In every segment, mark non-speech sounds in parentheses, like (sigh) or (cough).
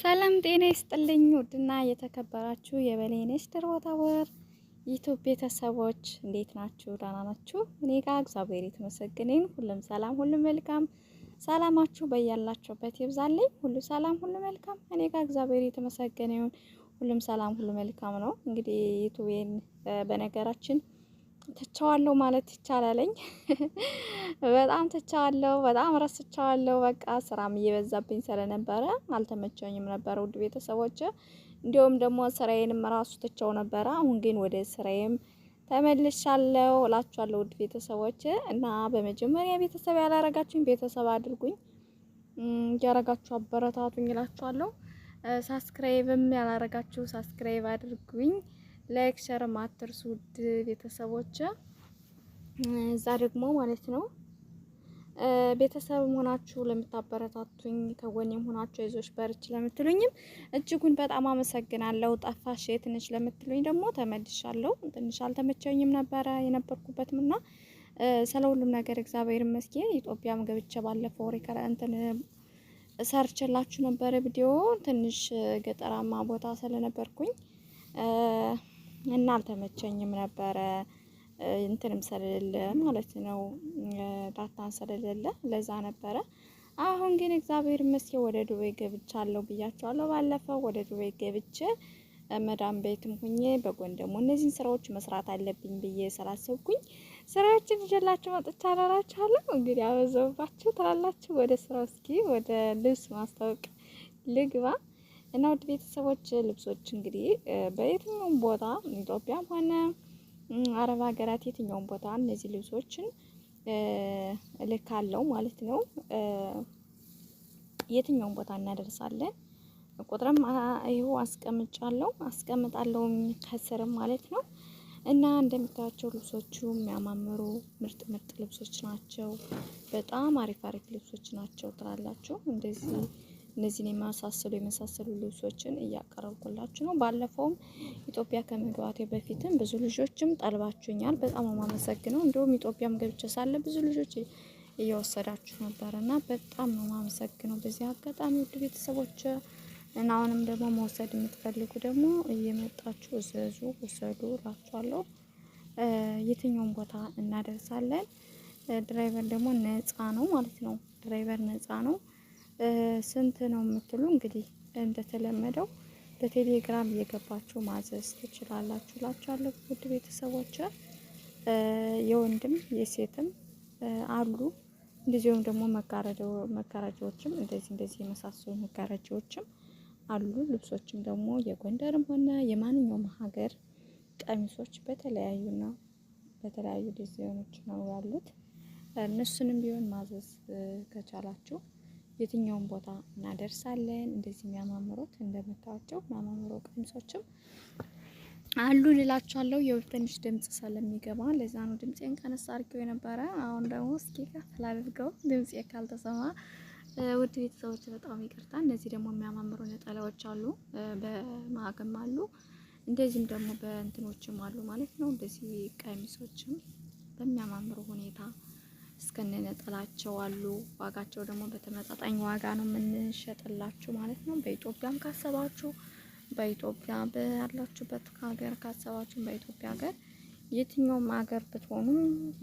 ሰላም ጤና ይስጥልኝ። ውድና የተከበራችሁ የበሌነሽ ድሮታወር ዩቱብ ቤተሰቦች እንዴት ናችሁ? ደህና ናችሁ? እኔ ጋር እግዚአብሔር የተመሰገነኝ፣ ሁሉም ሰላም፣ ሁሉም መልካም። ሰላማችሁ በያላችሁበት ይብዛልኝ። ሁሉ ሰላም፣ ሁሉ መልካም። እኔ ጋር እግዚአብሔር የተመሰገነኝ፣ ሁሉም ሰላም፣ ሁሉ መልካም ነው። እንግዲህ ዩቱቤን በነገራችን ትቸዋለሁ ማለት ይቻላለኝ። (laughs) በጣም ትቸዋለሁ፣ በጣም ረስቸዋለሁ። በቃ ስራም እየበዛብኝ ስለነበረ አልተመቸኝም ነበረ ውድ ቤተሰቦች። እንዲሁም ደግሞ ስራዬንም ራሱ ትቸው ነበረ። አሁን ግን ወደ ስራዬም ተመልሻለሁ እላችኋለሁ ውድ ቤተሰቦች እና በመጀመሪያ ቤተሰብ ያላረጋችሁኝ ቤተሰብ አድርጉኝ፣ እያረጋችሁ አበረታቱኝ እላችኋለሁ። ሳብስክራይብም ያላረጋችሁ ሳብስክራይብ አድርጉኝ። ላይክ ሸር ውድ ቤተሰቦች። እዛ ደግሞ ማለት ነው ቤተሰብ ሆናችሁ ለምታበረታቱኝ ከጎኔም ሆናችሁ ይዞች በርች ለምትሉኝም እጅጉን በጣም አመሰግናለሁ። ጠፋሽ ትንሽ ለምትሉኝ ደግሞ ተመልሻለሁ። ትንሽ አልተመቸኝም ነበረ የነበርኩበትም እና ስለ ሁሉም ነገር እግዚአብሔር ይመስገን። ኢትዮጵያም ገብቼ ባለፈው ሪከረ እንትን ሰርችላችሁ ነበረ ቪዲዮ ትንሽ ገጠራማ ቦታ ስለነበርኩኝ እና አልተመቸኝም ነበረ እንትንም ስለሌለ ማለት ነው ዳታን ስለሌለ ለዛ ነበረ። አሁን ግን እግዚአብሔር ይመስገን ወደ ዱቤ ገብቻለሁ ብያቸዋለሁ። ባለፈው ወደ ዱቤ ገብቼ መዳም ቤትም ሁኜ በጎን ደግሞ እነዚህን ስራዎች መስራት አለብኝ ብዬ ስላሰብኩኝ ስራዎችን ይዤላችሁ መጥቻለሁ እላችኋለሁ። እንግዲህ አበዛውባችሁ ትላላችሁ። ወደ ስራው እስኪ ወደ ልብስ ማስታወቅ ልግባ። እና ውድ ቤተሰቦች ልብሶች እንግዲህ በየትኛውም ቦታ ኢትዮጵያም ሆነ አረብ ሀገራት የትኛውም ቦታ እነዚህ ልብሶችን እልካለሁ ማለት ነው። የትኛውም ቦታ እናደርሳለን። ቁጥርም ይሁ አስቀምጫለው አስቀምጣለው ከስርም ማለት ነው። እና እንደምታያቸው ልብሶቹ የሚያማምሩ ምርጥ ምርጥ ልብሶች ናቸው። በጣም አሪፍ አሪፍ ልብሶች ናቸው ትላላችሁ እንደዚህ እነዚህን የማሳሰሉ የመሳሰሉ ልብሶችን እያቀረብኩላችሁ ነው። ባለፈውም ኢትዮጵያ ከመግባቴ በፊትም ብዙ ልጆችም ጠልባችሁኛል። በጣም የማመሰግነው እንዲሁም ኢትዮጵያም ገብቼ ሳለ ብዙ ልጆች እየወሰዳችሁ ነበር እና በጣም ነው የማመሰግነው በዚህ አጋጣሚ ውድ ቤተሰቦች እና አሁንም ደግሞ መውሰድ የምትፈልጉ ደግሞ እየመጣችሁ እዘዙ፣ ውሰዱ እላችኋለሁ። የትኛውን ቦታ እናደርሳለን። ድራይቨር ደግሞ ነፃ ነው ማለት ነው። ድራይቨር ነፃ ነው። ስንት ነው የምትሉ እንግዲህ እንደተለመደው በቴሌግራም እየገባችሁ ማዘዝ ትችላላችሁ። ላችኋለሁ ውድ ቤተሰቦች የወንድም የሴትም አሉ። እንደዚሁም ደግሞ መጋረጃዎችም እንደዚህ እንደዚህ የመሳሰሉ መጋረጃዎችም አሉ። ልብሶችም ደግሞ የጎንደርም ሆነ የማንኛውም ሀገር ቀሚሶች ነው በተለያዩ ዲዛይኖች ነው ያሉት። እነሱንም ቢሆን ማዘዝ ከቻላችሁ የትኛውን ቦታ እናደርሳለን። እንደዚህ የሚያማምሩት እንደምታዋቸው የሚያማምሩ ቀሚሶችም አሉ ልላችኋለሁ። የትንሽ ድምጽ ስለሚገባ ለዛ ነው ድምፄን ቀነስ አድርጌው የነበረ። አሁን ደግሞ እስኪ ከፍ ላድርገው ድምፄ ካልተሰማ ውድ ቤተሰቦች በጣም ይቅርታ። እነዚህ ደግሞ የሚያማምሩ ነጠላዎች አሉ፣ በማግም አሉ፣ እንደዚህም ደግሞ በእንትኖችም አሉ ማለት ነው። እንደዚህ ቀሚሶችም በሚያማምሩ ሁኔታ እስከነ ነጠላቸው አሉ። ዋጋቸው ደግሞ በተመጣጣኝ ዋጋ ነው የምንሸጥላችሁ ማለት ነው። በኢትዮጵያም ካሰባችሁ በኢትዮጵያ ያላችሁበት ሀገር ካሰባችሁ በኢትዮጵያ ሀገር የትኛውም ሀገር ብትሆኑም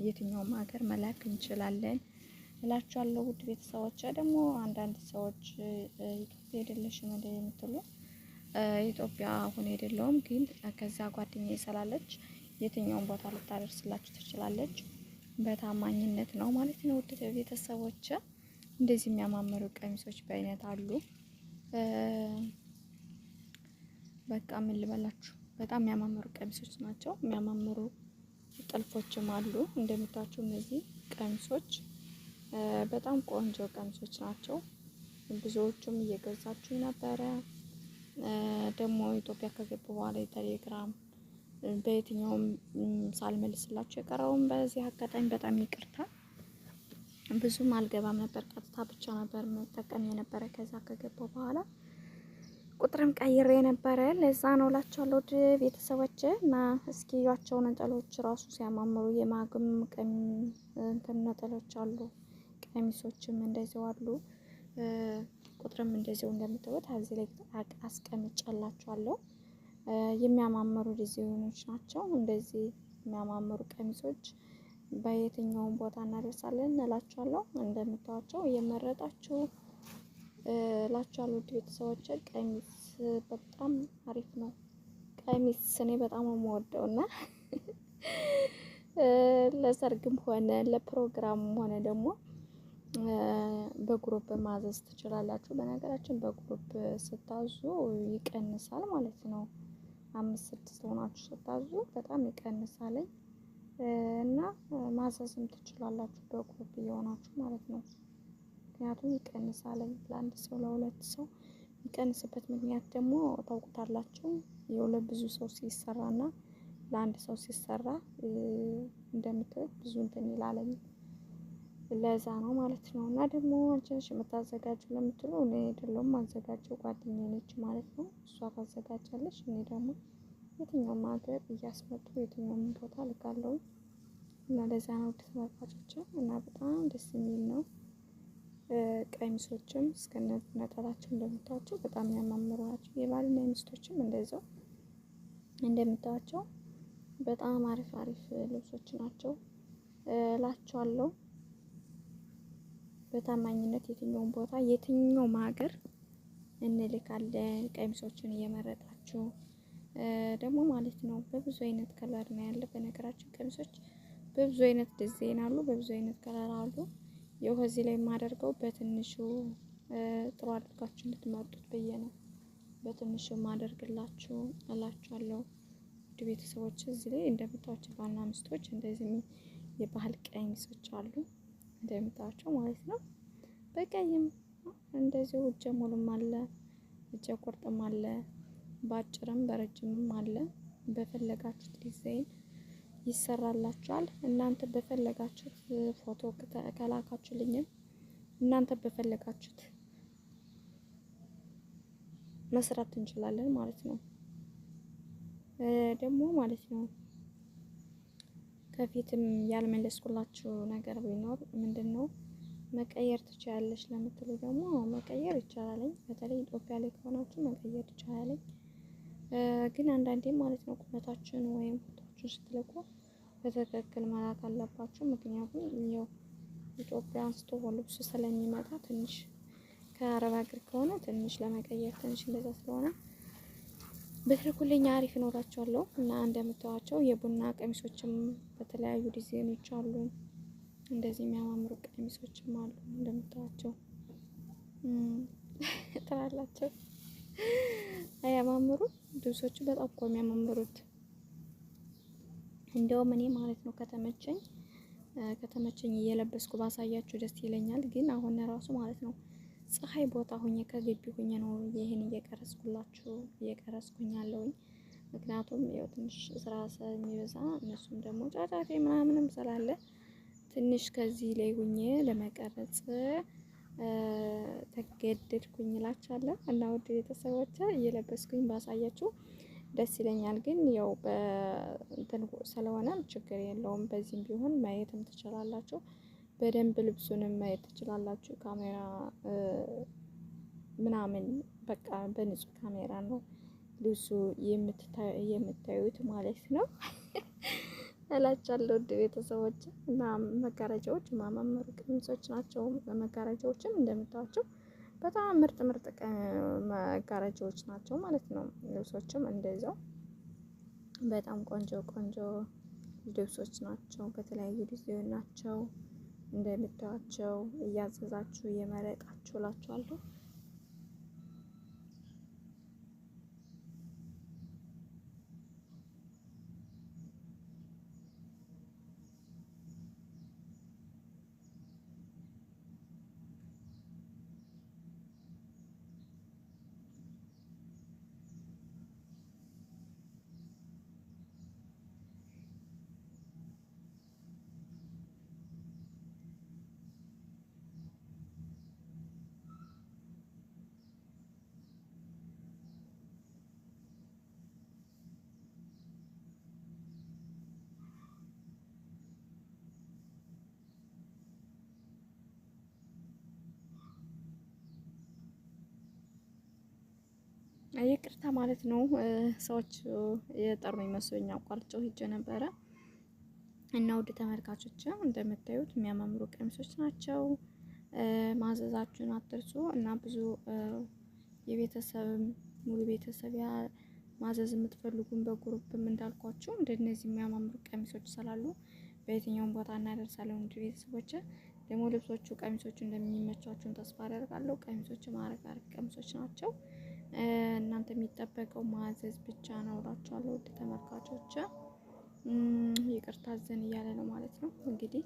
የትኛውም ሀገር መላክ እንችላለን እላችኋለሁ። ውድ ቤተሰቦች ደግሞ አንዳንድ ሰዎች ኢትዮጵያ አይደለሽም እንደ የምትሉ ኢትዮጵያ አሁን የደለውም ግን ከዛ ጓደኛ ይሰላለች የትኛውም ቦታ ልታደርስላችሁ ትችላለች። በታማኝነት ነው ማለት ነው። ውድ ቤተሰቦች እንደዚህ የሚያማምሩ ቀሚሶች በአይነት አሉ። በቃ ምን ልበላችሁ፣ በጣም የሚያማምሩ ቀሚሶች ናቸው። የሚያማምሩ ጥልፎችም አሉ። እንደምታችሁ እነዚህ ቀሚሶች በጣም ቆንጆ ቀሚሶች ናቸው። ብዙዎቹም እየገዛችሁ ነበረ። ደግሞ ኢትዮጵያ ከገቡ በኋላ የቴሌግራም በየትኛውም ሳልመልስላቸው የቀረውም በዚህ አጋጣሚ በጣም ይቅርታ። ብዙም አልገባም ነበር፣ ቀጥታ ብቻ ነበር መጠቀም የነበረ። ከዛ ከገባው በኋላ ቁጥርም ቀይሬ ነበረ። ለዛ ነው ላችኋለሁ ወደ ቤተሰቦች እና እስኪ ያቸው ነጠሎች ራሱ ሲያማምሩ የማግም ቀሚ እንትን ነጠሎች አሉ፣ ቀሚሶችም እንደዚው አሉ። ቁጥርም እንደዚው እንደምትወት እዚህ ላይ አስቀምጬላችኋለሁ። የሚያማምሩ ዲዛይኖች ናቸው። እንደዚህ የሚያማምሩ ቀሚሶች በየትኛውም ቦታ እናደርሳለን እንላችኋለሁ። እንደምታዋቸው የመረጣችሁ እላችኋለሁ። ውድ ቤተሰቦች ቀሚስ በጣም አሪፍ ነው። ቀሚስ እኔ በጣም የምወደው እና ለሰርግም ሆነ ለፕሮግራምም ሆነ ደግሞ በግሩፕ ማዘዝ ትችላላችሁ። በነገራችን በግሩፕ ስታዙ ይቀንሳል ማለት ነው። አምስት ስድስት ሆናችሁ ስታዙ በጣም ይቀንሳለኝ እና ማዘዝም ትችላላችሁ በግሩፕ እየሆናችሁ ማለት ነው። ምክንያቱም ይቀንሳለኝ ለአንድ ሰው ለሁለት ሰው የሚቀንስበት ምክንያት ደግሞ ታውቁታላችሁ። የሁለት ብዙ ሰው ሲሰራና ለአንድ ሰው ሲሰራ እንደምታዩት ብዙ እንትን ይላለኝ። ለዛ ነው ማለት ነው። እና ደግሞ አንቺ ነሽ የምታዘጋጀው ለምትሉ እኔ አይደለሁም ማዘጋጀው ጓደኛ ነች ማለት ነው። እሷ ታዘጋጃለች፣ እኔ ደግሞ የትኛውም ሀገር እያስመጡ የትኛውም ቦታ ልካለሁ እና ለዛ ነው ውድ ተመልካቾች፣ እና በጣም ደስ የሚል ነው። ቀሚሶችም እስከነ ነጠላቸው እንደምታዋቸው በጣም ያማምሩ ናቸው። የባልና የሚስቶችም እንደዛው እንደምታቸው በጣም አሪፍ አሪፍ ልብሶች ናቸው እላቸዋለሁ። በታማኝነት የትኛውን ቦታ የትኛውም ሀገር እንልካለን። ቀሚሶችን እየመረጣችሁ ደግሞ ማለት ነው። በብዙ አይነት ከለር ነው ያለ። በነገራችን ቀሚሶች በብዙ አይነት ዲዛይን አሉ፣ በብዙ አይነት ከለር አሉ። ያው እዚህ ላይ የማደርገው በትንሹ ጥሩ አድርጋችሁ እንድትመርጡት ብዬ ነው። በትንሹ ማደርግላችሁ እላችኋለሁ። ውድ ቤተሰቦች እዚህ ላይ እንደምታዩት ባልና ሚስቶች እንደዚህ የባህል ቀሚሶች አሉ። እንደምታቸው ማለት ነው። በቀይም እንደዚሁ እጀ ሙሉም አለ፣ እጀ ቁርጥም አለ፣ በአጭርም በረጅምም አለ። በፈለጋችሁት ዲዛይን ይሰራላችኋል። እናንተ በፈለጋችሁት ፎቶ ከላካችሁልኝም እናንተ በፈለጋችሁት መስራት እንችላለን ማለት ነው ደግሞ ማለት ነው ከፊትም ያልመለስኩላችሁ ነገር ቢኖር ምንድን ነው መቀየር ትችላለች ለምትሉ ደግሞ መቀየር ይቻላለኝ። በተለይ ኢትዮጵያ ላይ ከሆናችሁ መቀየር ይቻላለኝ። ግን አንዳንዴ ማለት ነው ቁመታችን ወይም ፎቶችን ስትልቁ በትክክል መላክ አለባችሁ። ምክንያቱም ያው ኢትዮጵያ አንስቶ ልብሱ ስለሚመጣ ትንሽ ከአረብ ሀገር ከሆነ ትንሽ ለመቀየር ትንሽ እንደዛ ስለሆነ በትርኩልኝ አሪፍ ይኖራቸዋለሁ እና እንደምታዋቸው የቡና ቀሚሶችም በተለያዩ ዲዛይኖች አሉ። እንደዚህ የሚያማምሩ ቀሚሶችም አሉ እንደምታዋቸው ትላላቸው አያማምሩ ልብሶቹ በጣም እኮ የሚያማምሩት። እንደውም እኔ ማለት ነው ከተመቸኝ ከተመቸኝ እየለበስኩ ባሳያችሁ ደስ ይለኛል። ግን አሁን ራሱ ማለት ነው ፀሐይ ቦታ ሁኜ ከግቢ ሁኜ ነው ይህን እየቀረጽኩላችሁ እየቀረስኩኝ ያለውኝ። ምክንያቱም ያው ትንሽ ስራ ስለሚበዛ እነሱም ደግሞ ጫጫቴ ምናምንም ስላለ ትንሽ ከዚህ ላይ ሁኜ ለመቀረጽ ተገደድኩኝ እላችኋለሁ። እና ውድ ቤተሰቦች እየለበስኩኝ ባሳያችሁ ደስ ይለኛል። ግን ያው በእንትን ስለሆነ ችግር የለውም። በዚህም ቢሆን ማየትም ትችላላችሁ። በደንብ ልብሱንም ማየት ትችላላችሁ። ካሜራ ምናምን በቃ በንጹህ ካሜራ ነው ልብሱ የምታዩት ማለት ነው (laughs) እላችኋለሁ። ውድ ቤተሰቦች እና መጋረጃዎች ማማመሩ ቀሚሶች ናቸው። መጋረጃዎችም እንደምታዋቸው በጣም ምርጥ ምርጥ መጋረጃዎች ናቸው ማለት ነው። ልብሶችም እንደዛው በጣም ቆንጆ ቆንጆ ልብሶች ናቸው። በተለያዩ ጊዜ ናቸው። እንደምታዩቸው እያዘዛችሁ እየመረቃችሁ ላችኋለሁ። ይቅርታ ማለት ነው። ሰዎች የጠሩ መስሎኝ አቋርጬው ሄጄ ነበረ እና ውድ ተመልካቾች እንደምታዩት የሚያማምሩ ቀሚሶች ናቸው። ማዘዛችሁን አትርሱ እና ብዙ የቤተሰብ ሙሉ ቤተሰብ ማዘዝ የምትፈልጉን በጉሩብ እንዳልኳችሁ እንደነዚህ የሚያማምሩ ቀሚሶች ስላሉ በየትኛውም ቦታ እናደርሳለን። ውድ ቤተሰቦች ደግሞ ልብሶቹ ቀሚሶቹ እንደሚመቻችሁን ተስፋ አደርጋለሁ። ቀሚሶች ማረግ ቀሚሶች ናቸው። እናንተ የሚጠበቀው ማዘዝ ብቻ ነው እላችኋለሁ ውድ ተመልካቾች። ይቅርታ እያለ ነው ማለት ነው እንግዲህ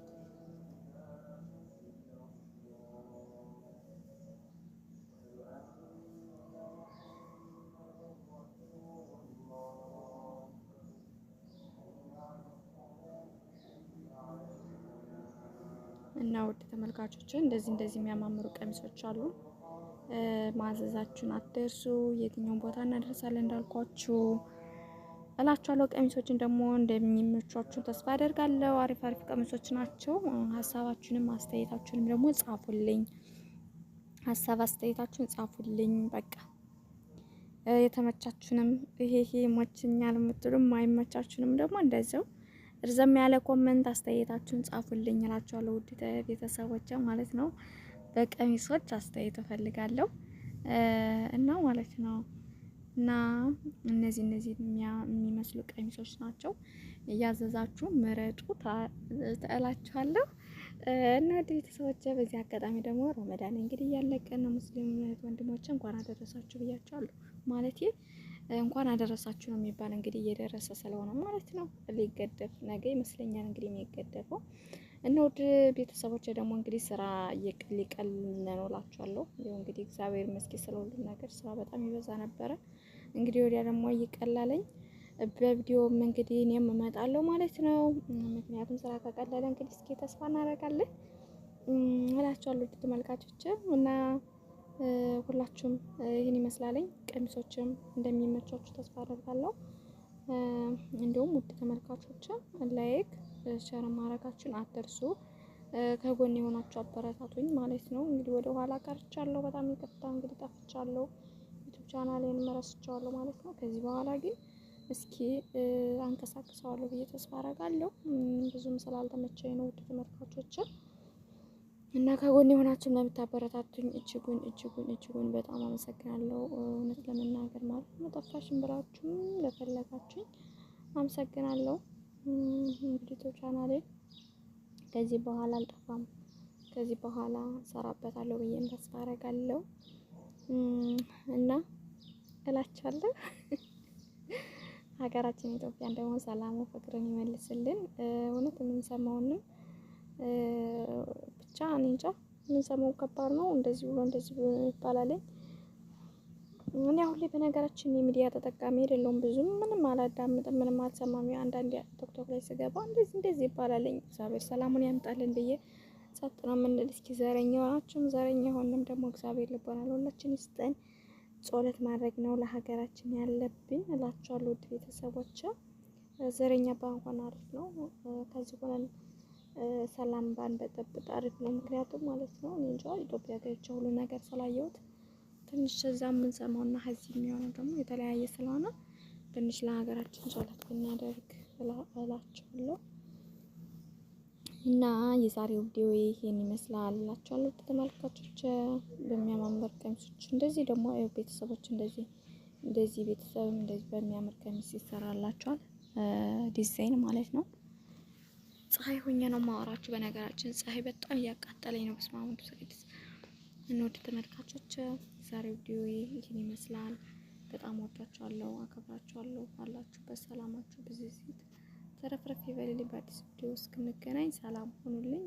እና ውድ ተመልካቾች እንደዚህ እንደዚህ የሚያማምሩ ቀሚሶች አሉ። ማዘዛችሁን አትርሱ። የትኛውን ቦታ እናደርሳለን እንዳልኳችሁ እላችኋለሁ። ቀሚሶችን ደግሞ እንደሚመቿችሁን ተስፋ አደርጋለሁ። አሪፍ አሪፍ ቀሚሶች ናቸው። ሀሳባችሁንም አስተያየታችሁንም ደግሞ ጻፉልኝ። ሀሳብ አስተያየታችሁን ጻፉልኝ። በቃ የተመቻችሁንም ይሄ ይሄ ይመችኛል የምትሉም አይመቻችሁንም ደግሞ እንደዚያው እርዘም ያለ ኮመንት አስተያየታችሁን ጻፉልኝ እላችኋለሁ። ውድ ቤተሰቦቼ ማለት ነው። በቀሚሶች አስተያየት እፈልጋለሁ እና ማለት ነው። እና እነዚህ እነዚህ የሚመስሉ ቀሚሶች ናቸው። እያዘዛችሁ ምረጡ ተእላችኋለሁ። እና ቤተሰቦች በዚህ አጋጣሚ ደግሞ ረመዳን እንግዲህ እያለቀ ነው። ሙስሊም ወንድሞች እንኳን አደረሳችሁ ብያችኋለሁ። ማለት እንኳን አደረሳችሁ ነው የሚባል እንግዲህ እየደረሰ ስለሆነ ማለት ነው ሊገደፍ ነገ ይመስለኛል እንግዲህ የሚገደፈው እና ውድ ቤተሰቦች ደግሞ እንግዲህ ስራ እየቀሊቀል ነው እላችኋለሁ። ይኸው እንግዲህ እግዚአብሔር ይመስገን ስለ ነገር ስራ በጣም ይበዛ ነበረ። እንግዲህ ወዲያ ደግሞ እየቀላለኝ በቪዲዮም እንግዲህ እኔም እመጣለሁ ማለት ነው። ምክንያቱም ስራ ከቀለለ እንግዲህ እስኪ ተስፋ እናደርጋለን እላችኋለሁ ተመልካቾች እና ሁላችሁም ይህን ይመስላለኝ። ቀሚሶችም እንደሚመቻችሁ ተስፋ አደርጋለሁ። እንዲሁም ውድ ተመልካቾችም ላይክ ሸር ማድረጋችሁን አትርሱ። ከጎን የሆናችሁ አበረታቱኝ ማለት ነው። እንግዲህ ወደ ኋላ ቀርቻለሁ፣ በጣም ይቅርታ እንግዲህ ጠፍቻለሁ። ዩቱብ ቻናሌን መረስቸዋለሁ ማለት ነው። ከዚህ በኋላ ግን እስኪ አንቀሳቅሰዋለሁ ብዬ ተስፋ አረጋለሁ። ብዙም ስላልተመቸኝ ነው ውድ ተመልካቾችን እና ከጎን የሆናችሁ ለምታበረታቱኝ እጅጉን እጅጉን እጅጉን በጣም አመሰግናለሁ። እውነት ለመናገር ማለት ነው ጠፋሽን ብላችሁም ለፈለጋችሁኝ አመሰግናለሁ። ዩቲዩብ ቻናሌ ከዚህ በኋላ አልጠፋም። ከዚህ በኋላ ሰራበታለሁ ብዬም ተስፋ አደርጋለሁ እና እላቻለሁ። ሀገራችን ኢትዮጵያን ደግሞ ሰላሙ ፍቅርን ይመልስልን። እውነት የምንሰማውንም ብቻ እኔ እንጃ የምንሰማው ከባድ ነው። እንደዚህ ብሎ እንደዚህ ብሎ ይባላል። እኔ አሁን ላይ በነገራችን የሚዲያ ተጠቃሚ አይደለሁም። ብዙም ምንም አላዳምጥም፣ ምንም አልሰማም። አንዳንድ ቶክቶክ ላይ ስገባ እንደዚህ እንደዚህ ይባላለኝ። እግዚአብሔር ሰላሙን ያምጣልን ብዬ ጸጥ ነው የምንል። እስኪ ዘረኛ ሆናችሁም ዘረኛ የሆንም ደግሞ እግዚአብሔር ልቦና ለሁላችን ይስጠን። ጸሎት ማድረግ ነው ለሀገራችን ያለብኝ እላችኋለሁ። ውድ ቤተሰቦች ዘረኛ ባንሆን አሪፍ ነው። ከዚህ ሆነን ሰላም ባንበጠብጥ አሪፍ ነው። ምክንያቱም ማለት ነው እኔ እንጃ ኢትዮጵያ ገብቼ ሁሉ ነገር ስላየሁት ትንሽ እዛ እና ከዚህ የሚሆነው ደግሞ የተለያየ ስለሆነ ትንሽ ለሀገራችን ጸሎት ብናደርግ እላችኋለሁ። እና የዛሬው ቪዲዮ ይሄን ይመስላል እላችኋለሁ። ተመልካቾች በሚያማምር ቀሚሶች እንደዚህ ደግሞ ቤተሰቦች እንደዚህ እንደዚህ ቤተሰብም እንደዚህ በሚያምር ቀሚስ ይሰራላችኋል። ዲዛይን ማለት ነው። ፀሐይ ሆኜ ነው ማወራችሁ። በነገራችን ፀሐይ በጣም እያቃጠለኝ ነው። በስማሙቱ ሰግድስ እንወድ ተመልካቾቼ ዛሬ ቪዲዮ ይህን ይመስላል። በጣም ወዳችኋለሁ፣ አከብራችኋለሁ። ባላችሁበት ሰላማችሁ ብዙ ይብዛ፣ ተረፍረፍ ይበልልኝ። በአዲስ ቪዲዮ እስክንገናኝ ሰላም ሁኑልኝ።